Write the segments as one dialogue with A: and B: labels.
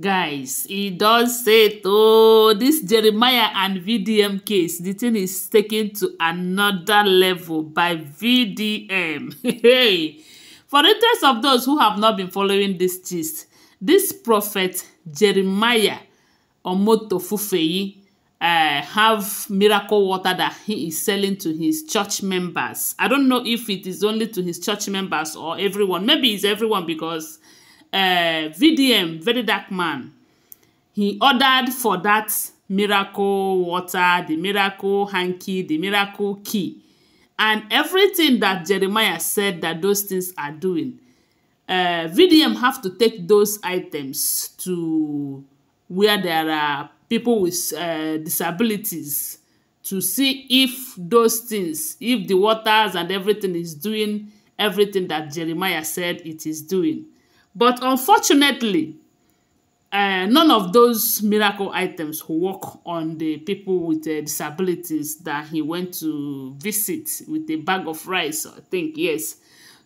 A: guys e don say oh this jeremiah and vdm case the thing is taken to another level by vdm hey for the interest of those who have not been following this gist this prophet jeremiah omotofufeyi uh, eh, have miracle water that he is selling to his church members i don't know if it is only to his church members or everyone maybe it's everyone because uh, eh, VDM, very dark man, he ordered for that miracle water, the miracle hanky, the miracle key, and everything that Jeremiah said that those things are doing. Uh, eh, VDM have to take those items to where there are people with uh, disabilities to see if those things, if the waters and everything is doing everything that Jeremiah said it is doing. But unfortunately, uh, none of those miracle items work on the people with uh, disabilities that he went to visit with a bag of rice, I think, yes.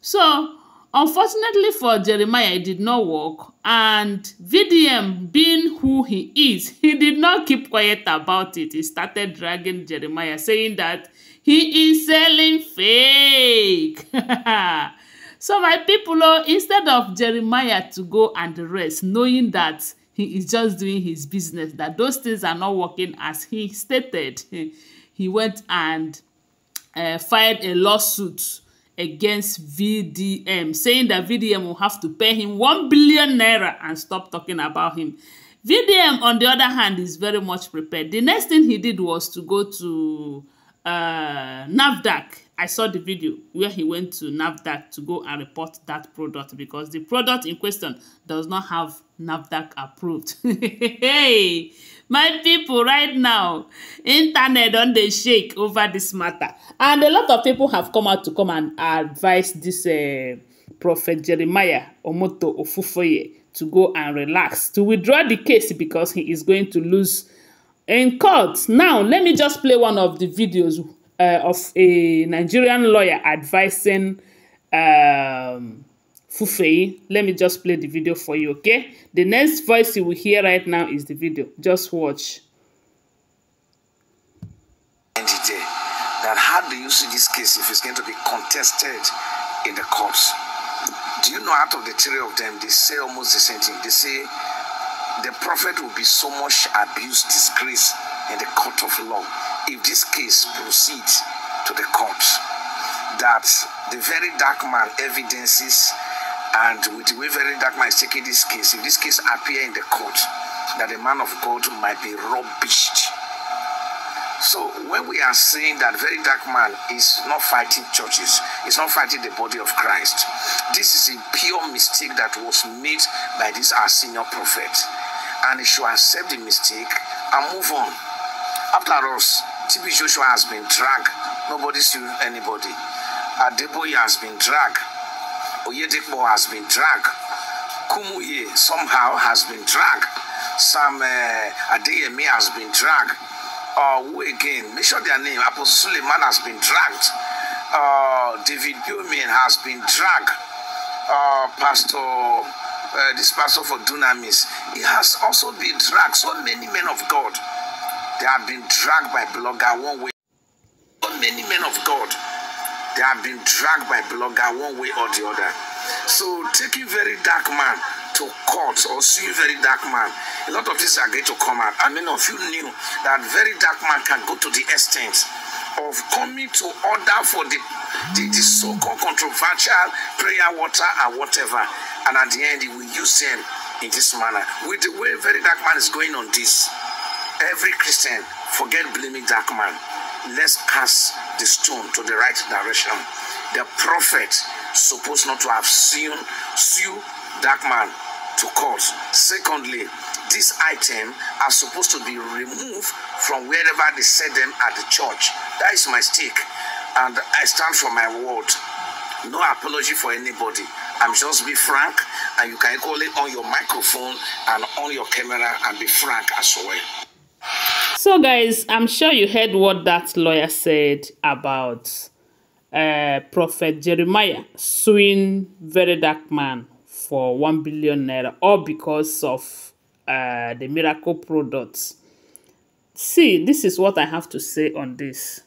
A: So, unfortunately for Jeremiah, it did not work. And VDM, being who he is, he did not keep quiet about it. He started dragging Jeremiah, saying that he is selling fake. So my people, oh, instead of Jeremiah to go and rest, knowing that he is just doing his business, that those things are not working as he stated, he went and uh, filed a lawsuit against VDM, saying that VDM will have to pay him 1 billion naira and stop talking about him. VDM, on the other hand, is very much prepared. The next thing he did was to go to uh, NAFDAC, I saw the video where he went to NAFDAC to go and report that product because the product in question does not have NAFDAC approved. hey, my people right now, internet on the shake over this matter. And a lot of people have come out to come and advise this uh, Prophet Jeremiah Omoto Ofufoye to go and relax, to withdraw the case because he is going to lose in court now let me just play one of the videos uh, of a nigerian lawyer advising um, fufeyi let me just play the video for you okay the next voice you will hear right now is the video just watch
B: that how do you see this case if it's going to be contested in the courts do you know out of the three of them they say almost the same thing they say the prophet will be so much abused, disgraced in the court of law if this case proceeds to the court. That the very dark man evidences and with the way very dark man is taking this case, if this case appear in the court, that the man of God might be rubbished. So when we are saying that very dark man is not fighting churches, is not fighting the body of Christ, this is a pure mistake that was made by this our senior prophet. and he should accept the mistake and move on. After us, TB Joshua has been dragged. Nobody sued anybody. Adeboye has been dragged. Oyedepo has been dragged. Kumuye somehow has been dragged. Sam uh, Adeyemi has been dragged. Uh, who again? Make sure their name. Apostle Suleiman has been dragged. Uh, David Biomin has been dragged. Uh, Pastor uh, this pastor for Dunamis, he has also been dragged. So many men of God, they have been dragged by blogger one way. So many men of God, they have been dragged by blogger one way or the other. So take you very dark man to court or see you very dark man. A lot of these are going to come out. I mean, of you knew that very dark man can go to the extent of coming to order for the, the, the so-called controversial prayer water or whatever and at the end, we use them in this manner. With the way very dark man is going on this, every Christian, forget blaming dark man. Let's cast the stone to the right direction. The prophet supposed not to have seen sue dark man to court. Secondly, this item are supposed to be removed from wherever they set them at the church. That is my stake, and I stand for my word. No apology for anybody. I'm just be frank, and you can call it on your microphone and on your camera and be frank as well.
A: So, guys, I'm sure you heard what that lawyer said about uh, Prophet Jeremiah suing very dark man for one billion naira, all because of uh, the miracle products. See, this is what I have to say on this.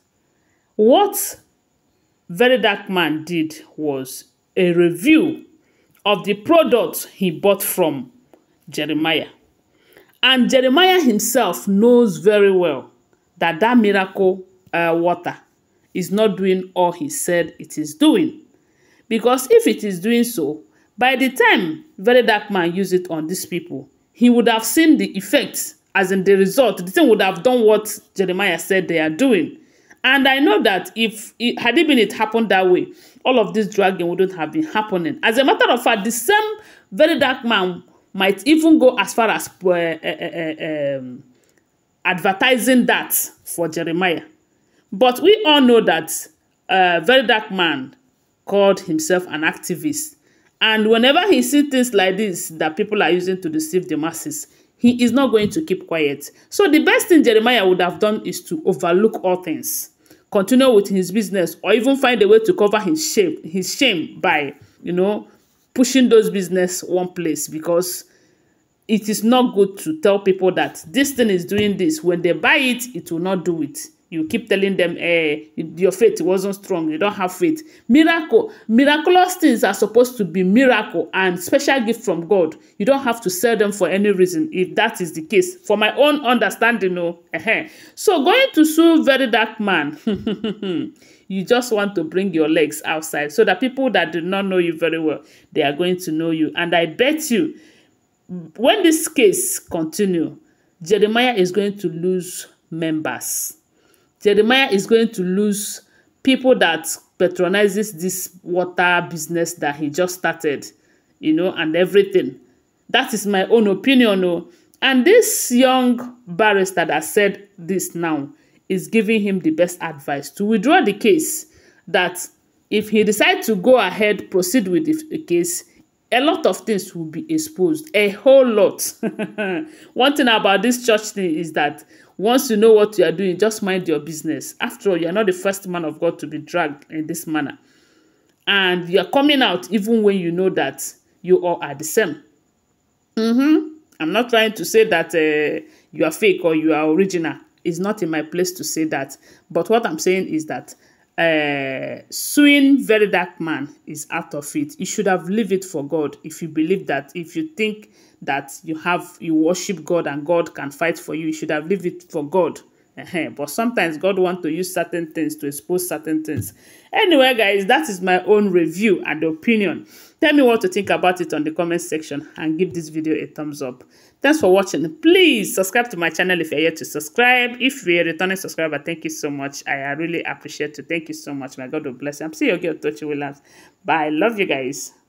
A: What very dark man did was a review of the product he bought from Jeremiah. And Jeremiah himself knows very well that that miracle uh, water is not doing all he said it is doing. Because if it is doing so, by the time Very Dark Man used it on these people, he would have seen the effects, as in the result. The thing would have done what Jeremiah said they are doing. And I know that if it, had it been it happened that way, all of this dragging wouldn't have been happening. As a matter of fact, the same very dark man might even go as far as uh, uh, uh, um, advertising that for Jeremiah. But we all know that a eh, very dark man called himself an activist. And whenever he sees things like this that people are using to deceive the masses, he is not going to keep quiet. So the best thing Jeremiah would have done is to overlook all things continue with his business or even find a way to cover his shame his shame by you know pushing those business one place because it is not good to tell people that this thing is doing this when they buy it it will not do it you keep telling them eh, your faith wasn't strong you don't have faith miracle miraculous things are supposed to be miracle and special gift from god you don't have to sell them for any reason if that is the case for my own understanding no oh, uh-huh. so going to sue very dark man you just want to bring your legs outside so that people that do not know you very well they are going to know you and i bet you when this case continue jeremiah is going to lose members Jeremiah is going to lose people that patronizes this water business that he just started, you know, and everything. That is my own opinion. Oh. And this young barrister that said this now is giving him the best advice to withdraw the case that if he decides to go ahead, proceed with the case, a lot of things will be exposed, a whole lot. One thing about this church thing is that Once you know what you are doing, just mind your business. After all, you are not the first man of God to be dragged in this manner. And you are coming out even when you know that you all are the same. Mm -hmm. I'm not trying to say that uh, you are fake or you are original. It's not in my place to say that. But what I'm saying is that uh, suing very dark man is out of it. You should have leave it for God if you believe that. If you think that you have you worship God and God can fight for you, you should have leave it for God. Uh-huh. But sometimes God wants to use certain things to expose certain things. Anyway, guys, that is my own review and opinion. Tell me what to think about it on the comment section and give this video a thumbs up. Thanks for watching. Please subscribe to my channel if you're yet to subscribe. If you're a returning subscriber, thank you so much. I really appreciate you. Thank you so much. My God will bless you. I'm seeing your girl, with Williams. Bye. Love you guys.